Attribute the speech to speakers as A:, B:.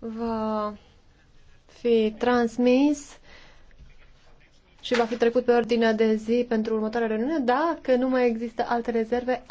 A: va fi transmis și va fi trecut pe ordinea de zi pentru următoarea reuniune. Dacă nu mai există alte rezerve,